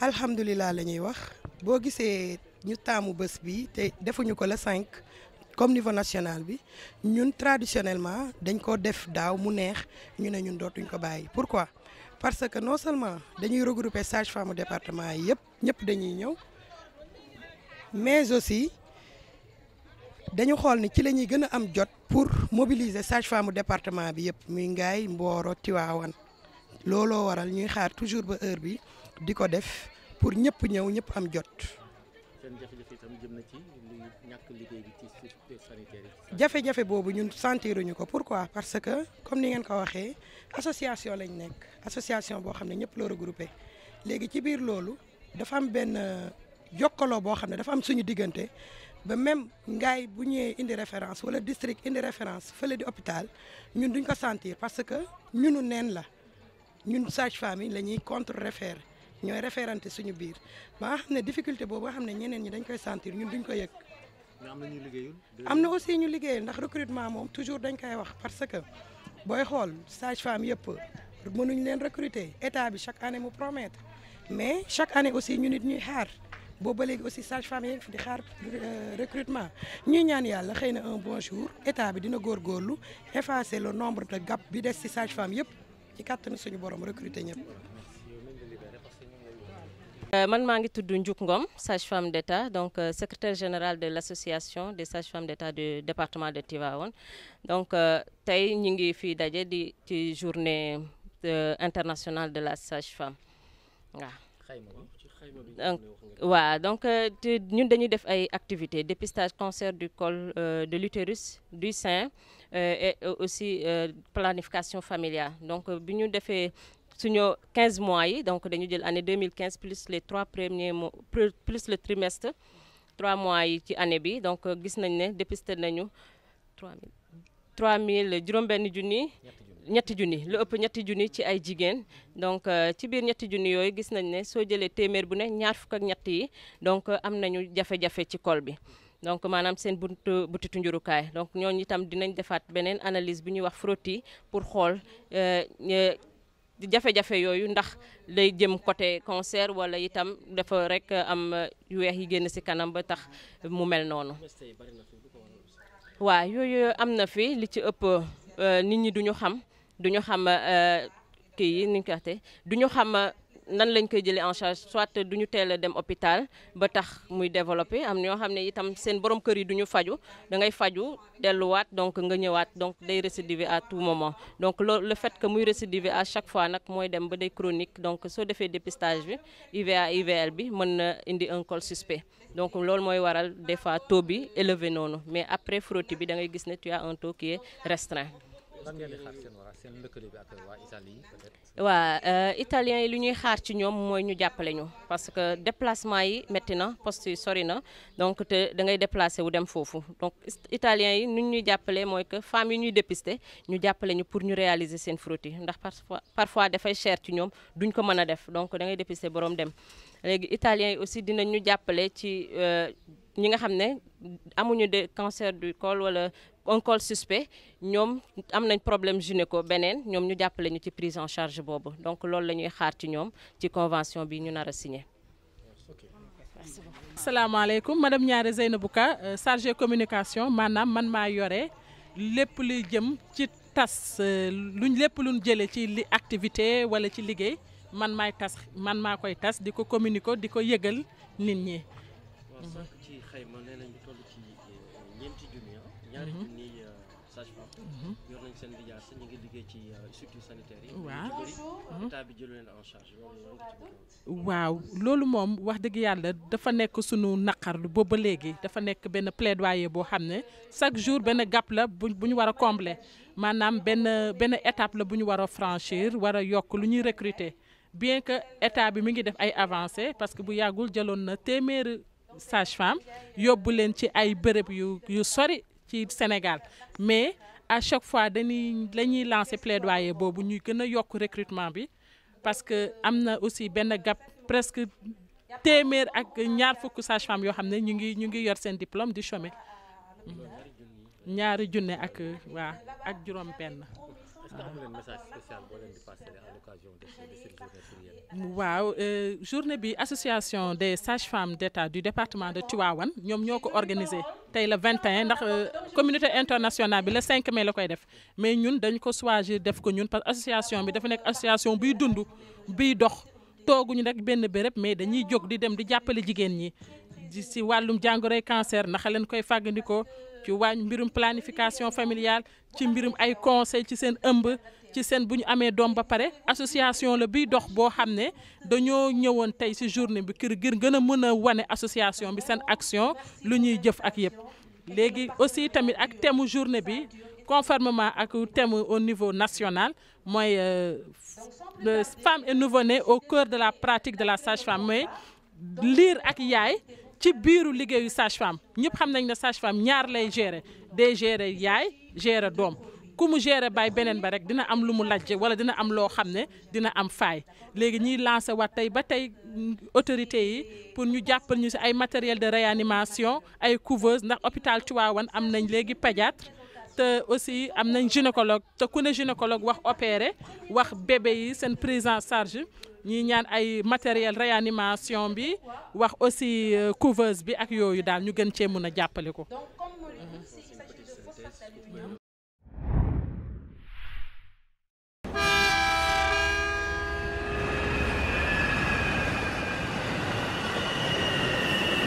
alhamdulilah la ñuy wax boo gisee ñu taamu bés bi te defuñu ko la cinq comme niveau nationale bi ñun traditionnellement dañ ko def daaw mu neex ñu ne ñun dootuñ ko bàyyi pourquoi parce que non seulement dañuy regrouper sage-femme département yi yëpp ñëpp dañuy ñëw mais aussi dañu xool ni ci la ñuy gën a am jot pour mobiliser sage-femme département bi yëpp muy Ngaye Mboro Tivaouane looloo waral ñuy xaar toujours ba heure bi di ko def pour ñëpp ñëw ñëpp am jot. seen jafe-jafe itam jëm na ci ñàkk liggéey bi ci boobu ñun sentiruñu ko pourquoi parce que comme ni ngeen ko waxee association lañ nekk association boo xam ne ñëpp loo regroupé léegi ci biir loolu dafa am benn euh, jokkaloo boo xam ne dafa am suñu diggante ba même ngaay bu ñëwee indi référence wala district indi référence fële di hôpital ñun duñ ko sentir parce que ñunu neen la ñun sage-femme yi la ñuy contre référer ñooy référente suñu biir ba nga xam ne difficulté boobu nga xam ne ñeneen ñi dañ koy sentir ñun duñ ko yëg. am na ñu liggéeyul. am na aussi ñu liggéeyul ndax recrutement moom toujours dañ koy wax parce que booy xool sage femme yëpp mënuñ leen recruter état bi chaque année mu promettre mais chaque année aussi ñu nit ñuy xaar. boobu ba léegi aussi sage femme yi fi di xaar euh, recrutement ñuy ñaan yàlla xëy na un bon jour état bi dina góorgóorlu effacer le nombre de gàpp bi des ci sage femme yëpp ci kàttanu suñu borom recruter ñëpp. Euh, man maa ngi tudd Ndiouk Ngom sage-femme d'État donc euh, secrétaire générale de l'association des sages-femmes d'État du département de Tivaouane donc euh, tey ñu ngi fii daje di ci journée international de la sage-femme waaw. donc waa donc ñun dañuy def ay activités dépistage cancer du cole de l'utérus du sein et aussi planification familiale donc bi ñu defee suñu 15 mois yi donc dañu jël année 2015 plus les trois premiers mois plus le trimestre trois mois yi ci année bi donc gis nañ ne dépisté nañu 3000 3000 juróom-benn junni. ñetti junni lu ëpp ñetti junni ci ay jigéen donc euh, ci biir ñetti junni yooyu gis nañ ne soo jëlee téeméer bu ne ñaar fukk ak ñett yi donc euh, am nañu jafe-jafe ci col bi donc maanaam seen buntu butitu njurukaay donc ñooñu itam dinañ defaat beneen analyse bu ñuy wax frottis pour xool euh, jafe-jafe yooyu ndax lay jëm côté cancer wala itam dafa rek am weex yi génn ci kanam ba tax mu mel noonu waaw yooyu am na fi li ci ëpp euh, nit ñi duñu xam duñu xam euh, kii yi ni ñu ko duñu xam nan lañ koy jëlee en charge soit duñu ñu teel dem hôpital ba tax muy développé am ñoo xam ne itam seen borom kër yi du ñu faju da ngay faju delluwaat donc nga ñëwaat donc day récidiver à tout moment donc loolu le fait que muy récidiver à chaque fois nag mooy dem ba day chronique donc soo defee dépistage bi IVA IVL bi mën na indi un col suspect donc loolu mooy waral des fois taux bi élevé noonu mais après frottis bi da ngay gis ne tu un taux qui est restreint lan ngeen di xaar waa seen euh, yi lu ñuy xaar ci ñoom mooy ñu jàppale ñu parce que déplacement yi métti na poste yi sori na donc te da ngay déplacé wu dem foofu donc italiens yi nu ñuy jàppale mooy que femmes yi ñuy dépister ñu jàppale ñu pour ñu réaliser seen frottis ndax parfois parfois dafay cher ci ñoom duñ ko mën def donc dangay ngay dépister borom dem léegi italiens yi aussi dina ñu jàppale ci euh, ñi nga xam ne amuñu de cancer du col wala un col suspect ñoom am nañ problème gynéco beneen ñoom ñu jàppale ñu ci prise en charge boobu donc loolu la ñuy xaar ci ñoom ci convention bi ñu nar a signé. asalaamaaleykum madame Niaré Zeynabou Ka euh, chargée communication maanaam man maa yore lépp luy jëm ci tas euh, luñ lépp luñ jëlee ci li activité wala ci liggéey man maay tas man maa koy tas di ko communiquer di ko yëgal nit ñi. ñaari mhm. junni euh, mhm. euh, waaw mhm. bi jël loolu moom wax dëgg yàlla dafa nekk sunu naqarlu boobu ba léegi dafa nekk benn plaidoyer boo xam ne chaque jour benn gap la bu bu ñu war a combler maanaam benn benn étape la bu ñu war a franchir war a yokk lu ñuy recruter bien que état bi mi ngi def ay avancé parce que bu yàggul jëloon na téeméeri sage-femme yóbbu leen ci ay bërëb yu sori ci Sénégal mais à chaque fois dañuy la ñuy lancer plaidoyer boobu ñuy gën a yokk recrutement bi parce que am na aussi benn gap presque téeméer ak ñaar fukk sage yoo xam ne ñu ngi ñu ngi yor seen diplôme di chômer mm. ñaari junne ak waa ak juróom-benn. waaw euh, journée bi association des sages-femmes d'État du département de Tivaouane ñoom ñoo ko organisé. tey le 21 ndax euh, communauté internationale bi le cinq mai la koy def mais ñun dañ ko choisir def ko ñun parce que association bi dafa nekk association biy dundu biy dox tooguñu rek benn béréb mais dañuy jóg di dem di jàppale jigéen ñi si wàllum jàngoroy cancer naka leen koy fàggandikoo ci waañ mbirum planification familiale ci mbirum ay conseil ci seen ëmb ci seen bu ñu amee doom ba pare association la biy dox boo xam ne dañoo ñëwoon tey ci journée bi kër gir gën a mën a wane association bi seen action lu ñuy jëf ak yëpp léegi aussi tamit ak temu journée bi conformement ak thème au niveau national mooy euh, femme et nouveau-né au cœur de la pratique de la sage-femme mooy liir ak yaay ci biiru liggéeyu sage-femme ñëpp xam nañ ne sage ñaar lay gérer day gere yaay gérer doom ku mu gérer baay beneen ba rek dina am lu mu lajje wala dina am loo xam ne dina am faay léegi ñuy lancer waat tey ba tey autorités yi pour ñu jàppal ñu si ay matériel de réanimation ay couveuse ndax hôpital Tivaouane am nañ léegi pédiatre te aussi am nañ gynécologue te ku ne gynécologue wax opéré wax bébé yi seen prise en charge ñuy ñaan ay matériel réanimation bi wax aussi euh, couveuse bi ak yooyu daal ñu gën cee mun a jàppale ko